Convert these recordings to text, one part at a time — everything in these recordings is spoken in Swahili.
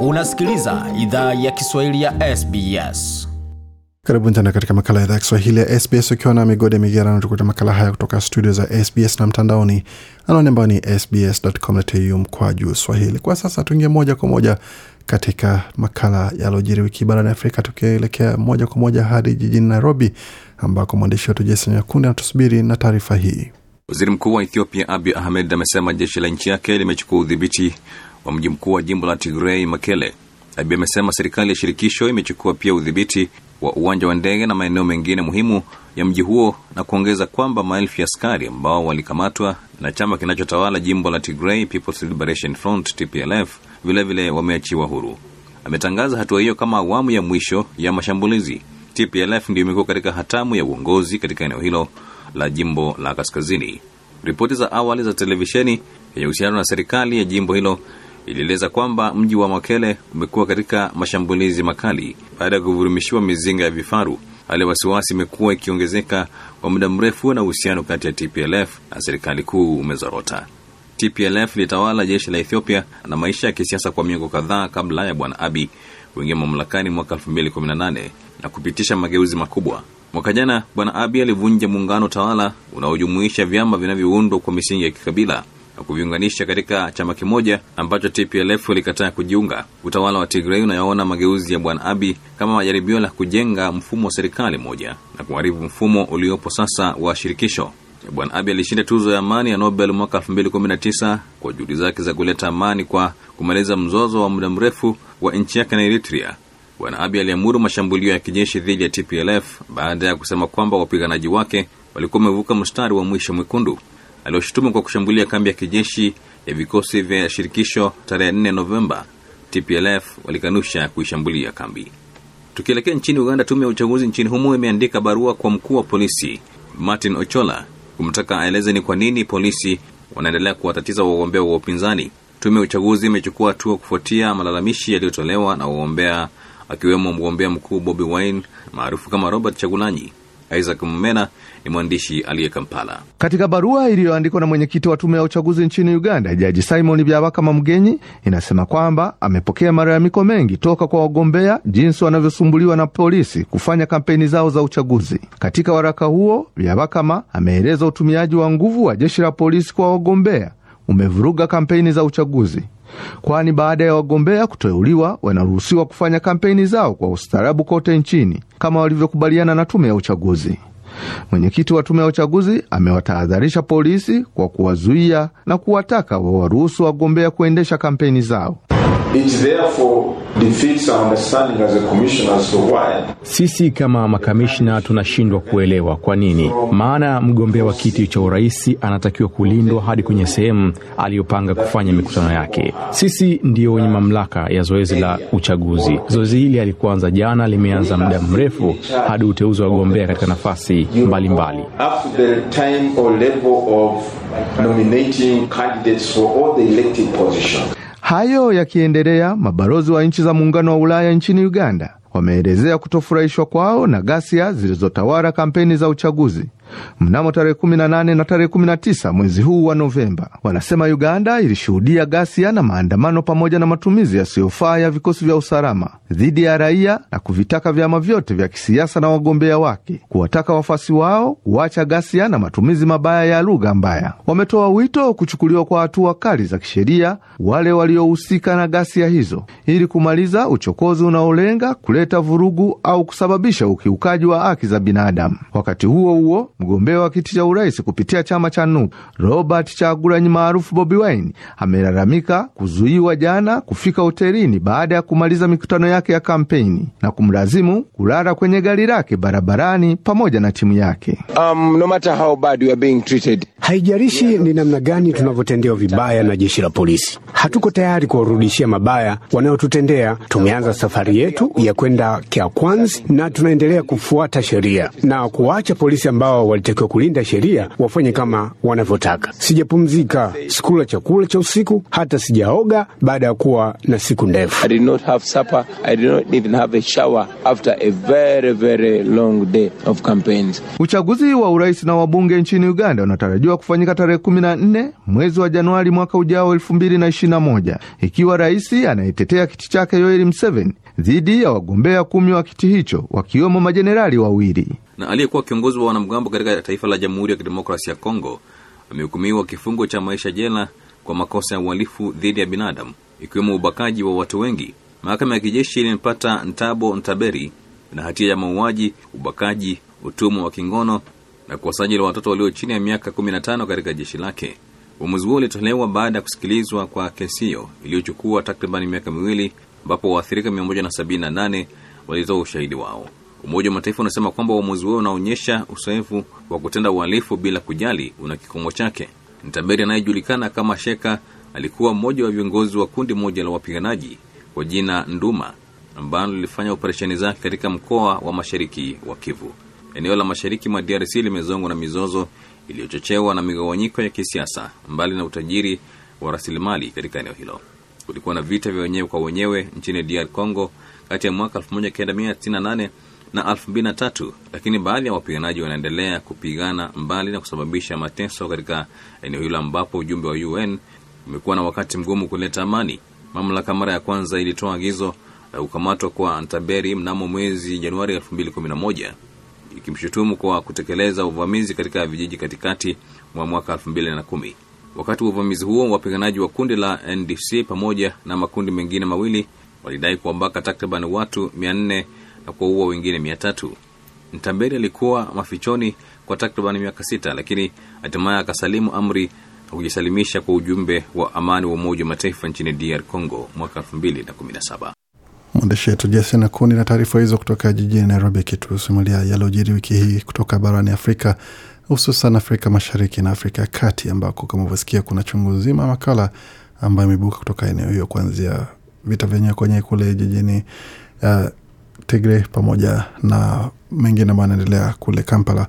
Unasikiliza idhaa ya Kiswahili ya SBS. Karibuni tena katika makala ya idhaa ya Kiswahili ya SBS ukiwa na ya migerano, tukuta makala haya kutoka studio za SBS na mtandaoni, anaone ambao ni sbs.com.au mkwa juu swahili. Kwa sasa tuingie moja kwa moja katika makala yaliojiri wiki barani Afrika, tukielekea moja kwa moja hadi jijini Nairobi ambako mwandishi wetu Jason Nyakundi anatusubiri na taarifa hii. Waziri Mkuu wa Ethiopia Abiy Ahmed amesema jeshi la nchi yake limechukua udhibiti wa mji mkuu wa jimbo la Tigrei, Makele. Abiy amesema serikali ya shirikisho imechukua pia udhibiti wa uwanja wa ndege na maeneo mengine muhimu ya mji huo na kuongeza kwamba maelfu ya askari ambao walikamatwa na chama kinachotawala jimbo la Tigray People's Liberation Front TPLF vilevile wameachiwa huru. Ametangaza hatua hiyo kama awamu ya mwisho ya mashambulizi. TPLF ndio imekuwa katika hatamu ya uongozi katika eneo hilo la jimbo la kaskazini. Ripoti za awali za televisheni yenye uhusiano na serikali ya jimbo hilo ilieleza kwamba mji wa Makele umekuwa katika mashambulizi makali baada ya kuvurumishiwa mizinga ya vifaru. Hali ya wasiwasi imekuwa ikiongezeka kwa muda mrefu na uhusiano kati ya TPLF na serikali kuu umezorota. TPLF ilitawala jeshi la Ethiopia na maisha ya kisiasa kwa miongo kadhaa kabla ya Bwana Abi kuingia mamlakani mwaka 2018 na kupitisha mageuzi makubwa. Mwaka jana Bwana Abi alivunja muungano tawala unaojumuisha vyama vinavyoundwa kwa misingi ya kikabila na kuviunganisha katika chama kimoja ambacho TPLF ilikataa kujiunga. Utawala wa Tigray unayoona mageuzi ya Bwana abi kama majaribio la kujenga mfumo wa serikali moja na kuharibu mfumo uliopo sasa wa shirikisho. Bwana abi alishinda tuzo ya amani ya Nobel mwaka 2019 kwa juhudi zake za kuleta amani kwa kumaliza mzozo wa muda mrefu wa nchi yake na Eritrea. Bwana abi aliamuru mashambulio ya kijeshi dhidi ya TPLF baada ya kusema kwamba wapiganaji wake walikuwa wamevuka mstari wa mwisho mwekundu alioshutumu kwa kushambulia kambi ya kijeshi ya vikosi vya shirikisho tarehe 4 Novemba. TPLF walikanusha kuishambulia kambi. Tukielekea nchini Uganda, tume ya uchaguzi nchini humo imeandika barua kwa mkuu wa polisi Martin Ochola kumtaka aeleze ni kwa nini polisi wanaendelea kuwatatiza wagombea wa upinzani. Tume ya uchaguzi imechukua hatua kufuatia malalamishi yaliyotolewa na wagombea, akiwemo mgombea mkuu Bobi Wine maarufu kama Robert Chagulanyi Isaac Mumena ni mwandishi aliye Kampala. Katika barua iliyoandikwa na mwenyekiti wa tume ya uchaguzi nchini Uganda, Jaji Simon Byabakama Mugenyi, inasema kwamba amepokea malalamiko mengi toka kwa wagombea jinsi wanavyosumbuliwa na polisi kufanya kampeni zao za uchaguzi. Katika waraka huo, Byabakama ameeleza utumiaji wa nguvu wa jeshi la polisi kwa wagombea umevuruga kampeni za uchaguzi kwani baada ya wagombea kuteuliwa wanaruhusiwa kufanya kampeni zao kwa ustaarabu kote nchini kama walivyokubaliana na tume ya uchaguzi. Mwenyekiti wa tume ya uchaguzi amewatahadharisha polisi kwa kuwazuia na kuwataka wawaruhusu wagombea kuendesha kampeni zao. Sisi kama makamishna tunashindwa kuelewa kwa nini maana mgombea wa kiti cha urais anatakiwa kulindwa hadi kwenye sehemu aliyopanga kufanya mikutano yake. Sisi ndio wenye mamlaka ya zoezi la uchaguzi. Zoezi hili alikuanza jana, limeanza muda mrefu, hadi uteuzi wa wagombea katika nafasi mbalimbali mbali. Hayo yakiendelea, mabalozi wa nchi za muungano wa Ulaya nchini Uganda wameelezea kutofurahishwa kwao na ghasia zilizotawala kampeni za uchaguzi. Mnamo tarehe 18 na tarehe 19 mwezi huu wa Novemba, wanasema Uganda ilishuhudia ghasia na maandamano pamoja na matumizi yasiyofaa ya vikosi vya usalama dhidi ya raia na kuvitaka vyama vyote vya kisiasa na wagombea wake kuwataka wafuasi wao kuacha ghasia na matumizi mabaya ya lugha mbaya. Wametoa wito kuchukuliwa kwa hatua kali za kisheria wale waliohusika na ghasia hizo ili kumaliza uchokozi unaolenga kuleta vurugu au kusababisha ukiukaji wa haki za binadamu. Wakati huo huo mgombea wa kiti cha urais kupitia chama cha nuk Robert Chagulanyi maarufu Bobi Wine amelalamika kuzuiwa jana kufika hotelini baada ya kumaliza mikutano yake ya kampeni na kumlazimu kulala kwenye gari lake barabarani pamoja na timu yake. Um, no matter how bad are being treated, ni namna gani tunavyotendewa vibaya na jeshi la polisi, hatuko tayari kuwarudishia mabaya wanayotutendea. Tumeanza safari yetu ya kwenda Kyakwanzi na tunaendelea kufuata sheria na kuwacha polisi ambao walitakiwa kulinda sheria, wafanye kama wanavyotaka. Sijapumzika, sikula chakula cha usiku, hata sijaoga baada ya kuwa na siku ndefu. Uchaguzi wa urais na wabunge nchini Uganda unatarajiwa kufanyika tarehe kumi na nne mwezi wa Januari mwaka ujao na moja ikiwa rais anayetetea kiti chake Yoweri Museveni dhidi ya wagombea kumi wa kiti hicho wakiwemo majenerali wawili. Na aliyekuwa kiongozi wa wanamgambo katika taifa la Jamhuri ya Kidemokrasia ya Kongo amehukumiwa kifungo cha maisha jela kwa makosa ya uhalifu dhidi ya binadamu ikiwemo ubakaji wa watu wengi. Mahakama ya kijeshi ilimpata Ntabo Ntaberi na hatia ya mauaji, ubakaji, utumwa wa kingono na kuwasajili watoto walio chini ya miaka 15 katika jeshi lake. Uamuzi huo ulitolewa baada ya kusikilizwa kwa kesi hiyo iliyochukua takriban miaka miwili ambapo waathirika 178 walitoa ushahidi wao. Umoja wa Mataifa unasema kwamba uamuzi huo unaonyesha usoefu wa kutenda uhalifu bila kujali una kikomo chake. Ntamberi anayejulikana kama Sheka alikuwa mmoja wa viongozi wa kundi moja la wapiganaji kwa jina Nduma ambalo lilifanya operesheni zake katika mkoa wa mashariki wa Kivu. Eneo la mashariki mwa DRC limezongwa na mizozo iliyochochewa na migawanyiko ya kisiasa, mbali na utajiri wa rasilimali katika eneo hilo kulikuwa na vita vya wenyewe kwa wenyewe nchini DR Congo kati ya mwaka 1998 na 2003, lakini baadhi ya wapiganaji wanaendelea kupigana mbali na kusababisha mateso katika eneo hilo ambapo ujumbe wa UN umekuwa na wakati mgumu kuleta amani. Mamlaka mara ya kwanza ilitoa agizo la kukamatwa kwa antaberi mnamo mwezi Januari 2011 ikimshutumu kwa kutekeleza uvamizi katika vijiji katikati mwa mwaka 2010. Wakati wa uvamizi huo, wapiganaji wa kundi la NDC pamoja na makundi mengine mawili walidai kuwabaka takriban watu mia nne na kuwaua wengine mia tatu. Ntamberi alikuwa mafichoni kwa takriban miaka sita, lakini hatimaye akasalimu amri na kujisalimisha kwa ujumbe wa amani wa Umoja wa Mataifa nchini DR Congo mwaka 2017. Mwandishi wetu Jason Akuni na taarifa hizo kutoka jijini Nairobi, akitusimulia yaliojiri wiki hii kutoka barani Afrika, hususan Afrika Mashariki na Afrika ya Kati, ambako kama uvyosikia kuna chungu zima makala ambayo imebuka kutoka eneo hiyo, kuanzia vita vyenyewe kwenye kule jijini uh, Tigre pamoja na mengine ambayo anaendelea kule Kampala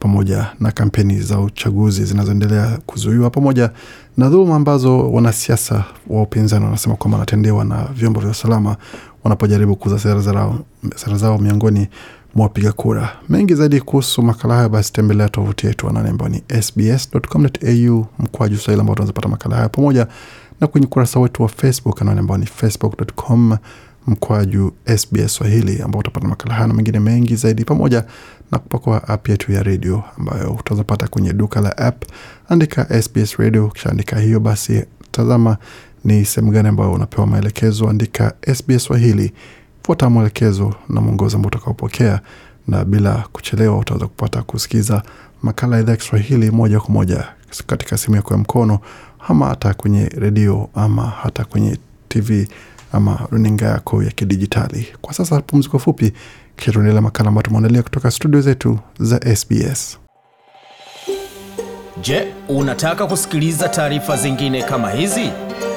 pamoja na kampeni za uchaguzi zinazoendelea kuzuiwa pamoja na dhuluma ambazo wanasiasa wa upinzani wanasema kwamba wanatendewa na vyombo vya usalama wanapojaribu kuuza sera zao, miongoni mwa wapiga kura. Mengi zaidi kuhusu makala hayo, basi tembelea tovuti yetu anwani ni sbs.com.au mkwaju swahili, ambao tunaweza makala hayo pamoja na kwenye ukurasa wetu wa Facebook anwani ambao ni facebook.com mkwaju SBS Swahili, ambao utapata makala haya na mengine mengi zaidi, pamoja na kupakua app yetu ya redio ambayo utazapata kwenye duka la app. Andika SBS Radio, kisha andika hiyo basi, tazama ni sehemu gani ambayo unapewa maelekezo. Andika SBS Swahili, fuata mwelekezo na mwongozo ambao utakaopokea, na bila kuchelewa utaweza kupata kusikiza makala ya idhaa ya Kiswahili moja kwa moja katika simu yako ya mkono, ama hata kwenye redio ama hata kwenye TV ama runinga yako ya kidijitali. Kwa sasa, pumziko fupi, kisha tuendelea makala ambayo tumeandalia kutoka studio zetu za SBS. Je, unataka kusikiliza taarifa zingine kama hizi?